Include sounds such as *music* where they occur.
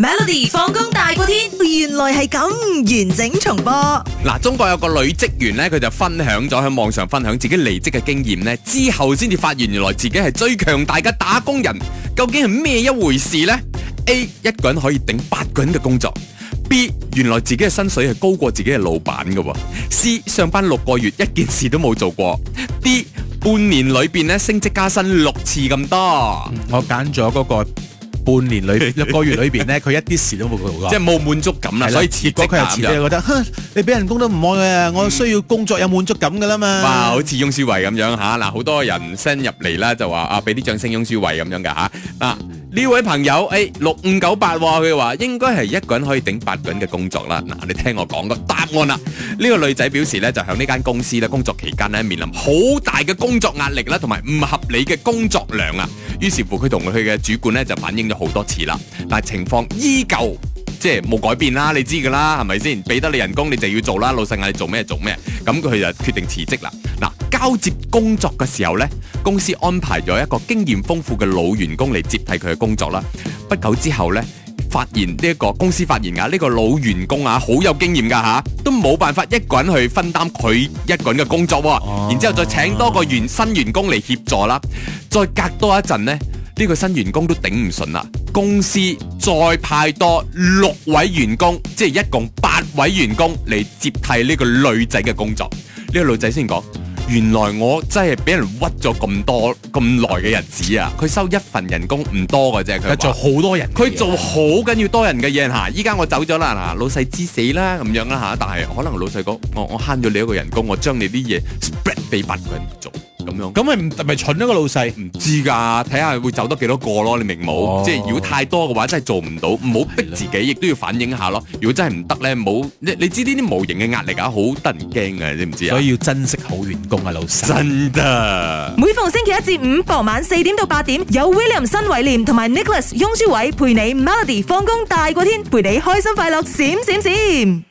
Melody 放工大過天，原來係咁，完整重播。嗱，中國有個女職員呢，佢就分享咗喺網上分享自己離職嘅經驗呢，之後先至發現原來自己係最強大嘅打工人。究竟係咩一回事呢？A 一個人可以頂八個人嘅工作。B 原來自己嘅薪水係高過自己嘅老闆噶。C 上班六個月一件事都冇做過。D 半年裏邊咧升職加薪六次咁多。嗯，我揀咗嗰個。半年里裏一 *laughs* 個月裏邊咧，佢一啲事都冇做嘅，即係冇滿足感啦。了所以結果，佢又辭啦。覺得你俾人工都唔愛嘅，我需要工作有滿足感嘅啦嘛、嗯。哇！好似翁舒慧咁樣嚇，嗱、啊，好多人新入嚟啦，就話啊，俾啲掌聲翁舒慧咁樣嘅嚇啊。啊。呢位朋友，哎，六五九八、啊，佢話應該係一個人可以頂八個人嘅工作啦。嗱，你聽我講個答案啦、啊。呢個女仔表示呢，就喺呢間公司咧工作期間呢，面臨好大嘅工作壓力啦，同埋唔合理嘅工作量啊。於是乎，佢同佢嘅主管呢，就反映咗好多次啦，但係情況依舊即係冇改變啦。你知噶啦，係咪先？俾得你人工，你就要做啦。老細嗌你做咩做咩，咁、嗯、佢就決定辭職啦。嗱。交接工作嘅時候呢，公司安排咗一個經驗豐富嘅老員工嚟接替佢嘅工作啦。不久之後呢，發現呢個公司發現啊，呢個老員工啊好有經驗噶吓，都冇辦法一個人去分擔佢一個人嘅工作。然之後再請多個員新員工嚟協助啦。再隔多一陣呢，呢個新員工都頂唔順啦。公司再派多六位員工，即係一共八位員工嚟接替呢個女仔嘅工作。呢個女仔先講。原來我真係俾人屈咗咁多咁耐嘅日子啊！佢收一份人工唔多嘅啫，佢做好多人，佢做好緊要多人嘅嘢嚇。依家我走咗啦，嗱老細知死啦咁樣啦嚇，但係可能老細講我我慳咗你一個人工，我將你啲嘢 spread 俾八個人做。咁樣，咁咪咪蠢咗，啊、個老細，唔知噶，睇下會走得幾多個咯，你明冇？哦、即係如果太多嘅話，真係做唔到，唔好逼自己，亦都的要反映下咯。如果真係唔得咧，冇你你知呢啲無形嘅壓力啊，好得人驚啊，你知唔知啊？所以要珍惜好員工啊，老細。真噶的！每逢星期一至五傍晚四點到八點，有 William 新偉廉同埋 Nicholas 雍舒偉陪你 Melody 放工大過天，陪你開心快樂閃閃閃。閃閃閃閃。